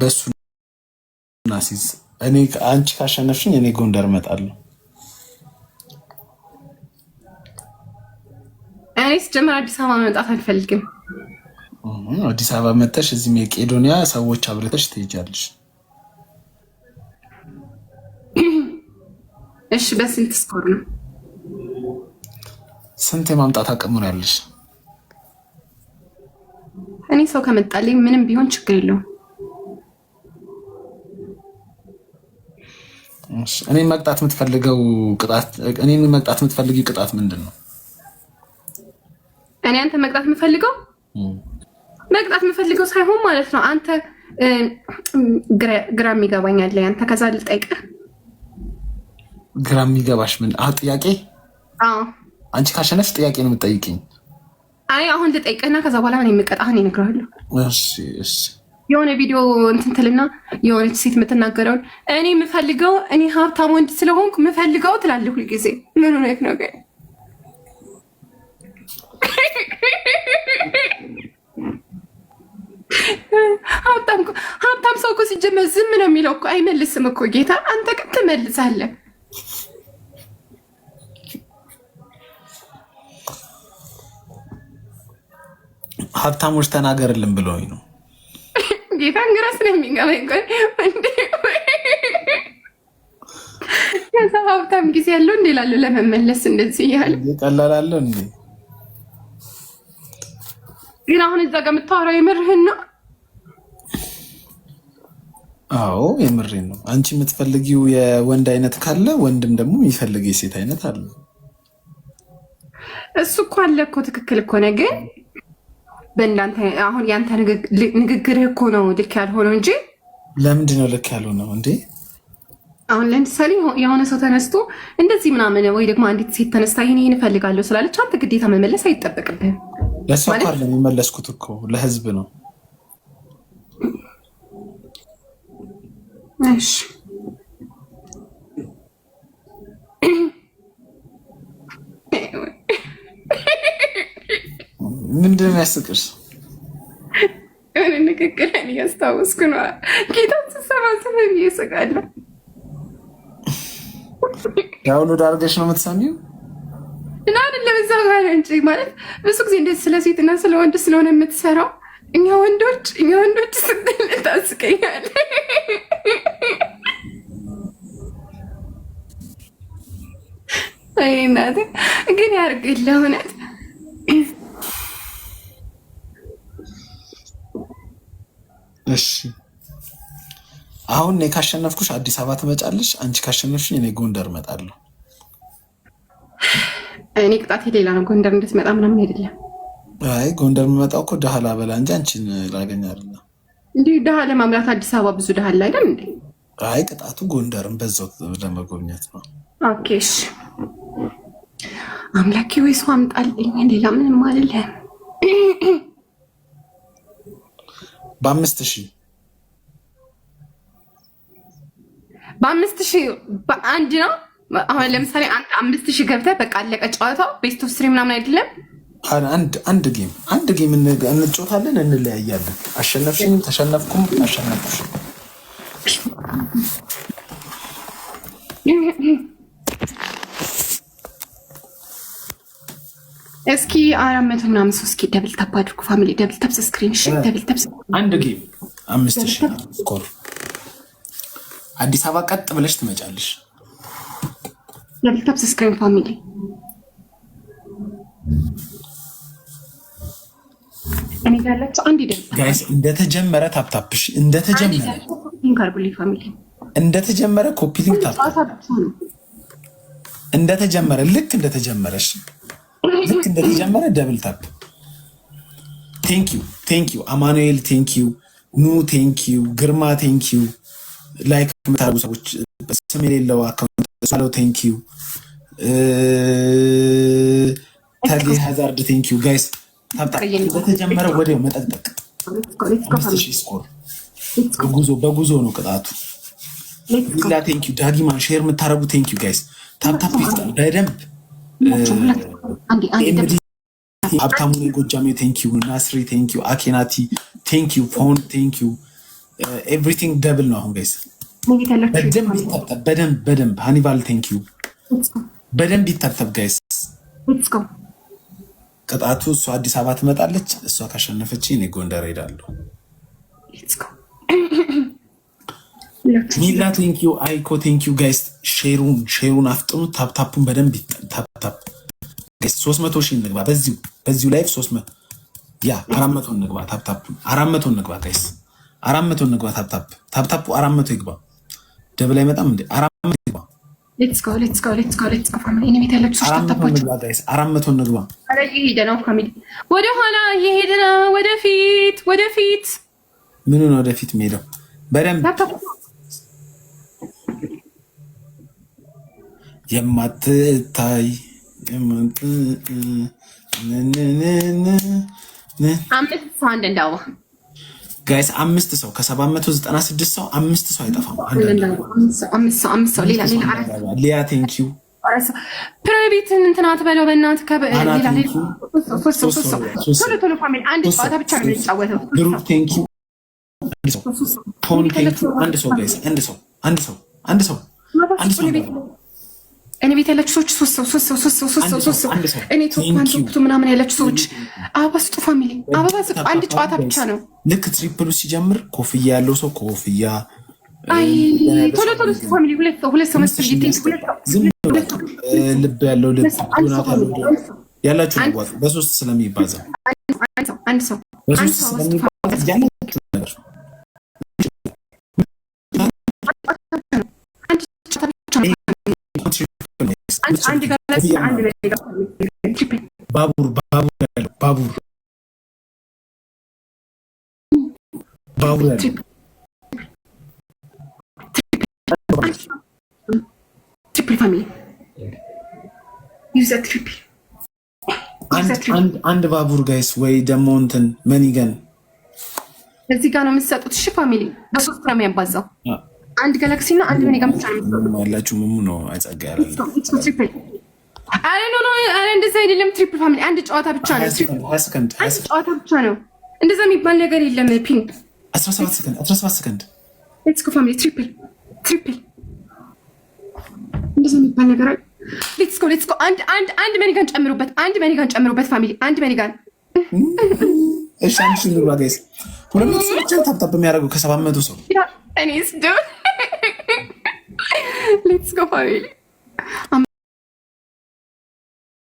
በሱ ናሲዝ እኔ አንቺ ካሸነፍሽኝ እኔ ጎንደር እመጣለሁ። እኔ ስጀምር አዲስ አበባ መምጣት አልፈልግም። አዲስ አበባ መጥተሽ እዚህ መቄዶንያ ሰዎች አብረተሽ ትሄጃለሽ። እሺ፣ በስንት ስኮር ነው? ስንት የማምጣት አቅሙ ነው ያለሽ? እኔ ሰው ከመጣልኝ ምንም ቢሆን ችግር የለውም። እኔን መቅጣት የምትፈልገው ቅጣት እኔን መቅጣት ቅጣት ምንድን ነው? እኔ አንተ መቅጣት የምፈልገው መቅጣት የምፈልገው ሳይሆን ማለት ነው። አንተ ግራ የሚገባኛል። አንተ ከዛ ልጠይቅህ። ግራ የሚገባሽ ምን? አዎ ጥያቄ። አንቺ ካሸነፍሽ ጥያቄ ነው የምጠይቅኝ አይ አሁን ልጠይቅህና ከዛ በኋላ ምን የምቀጣህን ይነግረዋለሁ። እሺ እሺ የሆነ ቪዲዮ እንትን ትልና የሆነች ሴት የምትናገረውን እኔ የምፈልገው እኔ ሀብታም ወንድ ስለሆንኩ የምፈልገው ትላለህ ሁልጊዜ። ምን ሆነህ ነው ግን? ሀብታም ሰው እኮ ሲጀመር ዝም ነው የሚለው እኮ አይመልስም እኮ ጌታ። አንተ ግን ትመልሳለህ። ሀብታሞች ተናገርልን ብለውኝ ነው ጌታ እንግረስ ነው የሚገባኝ። ከዛ ሀብታም ጊዜ ያለው እንዴ ላሉ ለመመለስ እንደዚህ እያለ ቀላላለሁ እንዴ። ግን አሁን እዛ ጋር የምታወራው የምርህን ነው? አዎ የምሬን ነው። አንቺ የምትፈልጊው የወንድ አይነት ካለ ወንድም ደግሞ የሚፈልግ የሴት አይነት አለ። እሱ እኮ አለ እኮ ትክክል እኮ ነው ግን በእናንተ አሁን ያንተ ንግግርህ እኮ ነው ልክ ያልሆነው እንጂ ለምንድን ነው ልክ ያልሆነው እንዴ? አሁን ለምሳሌ የሆነ ሰው ተነስቶ እንደዚህ ምናምን ወይ ደግሞ አንዲት ሴት ተነስታ ይህን ይህን እፈልጋለሁ ስላለች አንተ ግዴታ መመለስ አይጠበቅብህም። ለሰው የሚመለስኩት እኮ ለህዝብ ነው። እሺ ምንድን ነው ያስቅሽ? የሆነ ንግግርን እያስታወስኩ ነው። ጌታ ስሰባሰበ እየስቃለ ዳውንሎድ ዳርገሽ ነው የምትሰሚው? እና አይደለም እዛ ጋር እንጂ ማለት ብዙ ጊዜ እንደ ስለ ሴትና ስለ ወንድ ስለሆነ የምትሰራው እኛ ወንዶች እኛ ወንዶች ስትል ታስቀኛል። ይናት ግን ያርግልህ እውነት እሺ አሁን እኔ ካሸነፍኩሽ አዲስ አበባ ትመጫለሽ። አንቺ ካሸነፍሽኝ እኔ ጎንደር እመጣለሁ። እኔ ቅጣት ሌላ ነው። ጎንደር እንድትመጣ ምናምን አይደለም። አይ ጎንደር የምመጣው እኮ ድሃ ላበላ እንጂ አንቺን ላገኛል። እንዲህ ድሃ ለማምላት አዲስ አበባ ብዙ ድሃ አለ አይደል እንዴ? አይ ቅጣቱ ጎንደርን በዛው ለመጎብኘት ነው። ኦኬ እሺ። አምላኬ ወይ ሰው አምጣልኝ። ሌላ ምንም አልልህም። በአምስት ሺህ በአምስት ሺህ በአንድ ነው። አሁን ለምሳሌ አንድ አምስት ሺህ ገብተህ በቃ አለቀ ጨዋታው። ቤስት ኦፍ ስሪ ምናምን አይደለም። አንድ አንድ ጌም አንድ ጌም እንጫወታለን፣ እንለያያለን። አሸነፍሽም ተሸነፍኩም አሸነፍሽኝ እስኪ አራት መቶ ምናምን ሶስት ኬ ደብል ታፕ አድርጉ ፋሚሊ። ደብል ታፕ ስክሪን ሽ ደብል ታፕ አንድ ጊ አምስት ሺ ስኮር አዲስ አበባ ቀጥ ብለሽ ትመጫለሽ። ደብል ታፕ ስክሪን ፋሚሊ እኔ ጋር አንድ ደብል ጋይስ እንደተጀመረ ታፕ ታፕ ሺ እንደተጀመረ ኢንካርቡሊ ፋሚሊ እንደተጀመረ ኮፒ ሊንክ ታፕ እንደተጀመረ ልክ እንደተጀመረሽ ልክ እንደተጀመረ ደብል ታፕ ቴንኪዩ ቴንኪዩ አማኑኤል ቴንኪዩ ኑ ቴንኪዩ ግርማ ቴንኪዩ ላይክ የምታደርጉ ሰዎች ስም የሌለው አካውንት ሳለው ቴንኪዩ ታጌ ሀዛርድ ቴንኪዩ ጋይስ በተጀመረ ወዲያው መጠቅጠቅ ስኮር በጉዞ ነው ቅጣቱ። ሌላ ቴንኪዩ ዳጊማን ሼር የምታደርጉ ቴንኪዩ ጋይስ ታፕታፕ በደንብ ሀብታሙ ጎጃሜ ቴንኪዩ፣ ናስሪ ቴንኪዩ፣ አኬናቲ ቴንኪዩ፣ ፎን ቴንኪዩ። ኤቭሪቲንግ ደብል ነው። አሁን ጋይስ በደንብ ይታብታብ፣ በደንብ በደንብ ሃኒባል ቴንኪዩ፣ በደንብ ይታብታብ ጋይስ። ቅጣቱ እሷ አዲስ አበባ ትመጣለች። እሷ ካሸነፈች እኔ ጎንደር ሄዳለሁ። ሚላ ቴንኪዩ፣ አይኮ ቴንኪዩ ጋይስ ሼሩን ሼሩን አፍጥኑ። ታፕታፑን በደንብ ታፕታፕ ሶስት መቶ ሺህ እንግባ። በዚሁ በዚሁ ላይፍ ሶስት መቶ ያ አራት መቶ እንግባ። ታፕታፕ አራት መቶ እንግባ። ጋይስ አራት መቶ እንግባ። ታፕታፕ ታፕታፑ አራት መቶ ይግባ። ደብል አይመጣም እንዴ? አራት መቶ ይግባ። ሌትስ ጎ ሌትስ ጎ ሌትስ ጎ ሌትስ ጎ ፋሚሊ እኔ ቤት ያለችው ታፕታፖች አራት መቶ እንግባ። አረ እየሄደ ነው ፋሚሊ፣ ወደ ኋላ እየሄደ ነው። ወደፊት ወደፊት ምኑን ወደፊት የሚሄደው በደንብ የማትታይ ጋይስ አምስት ሰው ዘጠና 796 ሰው አምስት ሰው አይጠፋም። ሊያ ቴንኪው ፕራይቬትን እንትን አትበለው በእናትህ። ቶሎ ቶሎ አንድ ሰው አንድ ሰው አንድ ሰው አንድ ሰው አንድ ሰው እኔ ቤት ያለች ሰዎች ሶስት ሰው ሶስት ሰው ሶስት ሰው ሶስት ሰው ሶስት ሰው እኔ ቶፓን ቶፕቱ ምናምን ያለች ሰዎች አበባ ስጡ ፋሚሊ አበባ ስጡ። አንድ ጨዋታ ብቻ ነው። ልክ ትሪፕሉ ሲጀምር ኮፍያ ያለው ሰው ኮፍያ ቶሎ ቶሎ ስጡ ፋሚሊ ሁለት ሰው ሁለት ሰው መስል ጌቴ ልብ ያለው ልብ ያላችሁ ልዋጥ በሶስት ስለሚባዛ አንድ ሰው በሶስት ስለሚባዛ ባቡር ባቡር ያለው ባቡር አንድ ባቡር ጋይስ ወይ ደግሞ እንትን መኒገን እዚህ ጋር ነው የምትሰጡት። እሺ ፋሚሊ በሶስት ነው የሚያባዛው። አንድ ጋላክሲ እና አንድ ምን ብቻ ነው ያላችሁ? ምኑ ነው አጸጋ ያላችሁ? ኖ ኖ፣ አረ እንደዛ አይደለም። ትሪፕል ፋሚሊ አንድ ጨዋታ ብቻ ነው፣ አንድ ጨዋታ ብቻ ነው። እንደዛ የሚባል ነገር የለም። ፒን 17 ሰከንድ፣ 17 ሰከንድ። ሌትስ ጎ ፋሚሊ፣ ትሪፕል ትሪፕል። እንደዛ የሚባል ነገር አለ። ሌትስ ጎ ሌትስ ጎ። አንድ አንድ አንድ መኒጋን ጨምሩበት፣ አንድ መኒጋን ጨምሩበት ፋሚሊ፣ አንድ መኒጋን። እሺ አንድ ሽንግል ጋይስ፣ ሁለት ሰዎች ብቻ ታፕታፕ የሚያደርገው ከሰባት መቶ ሰው እኔስ ዱድ Let's go home.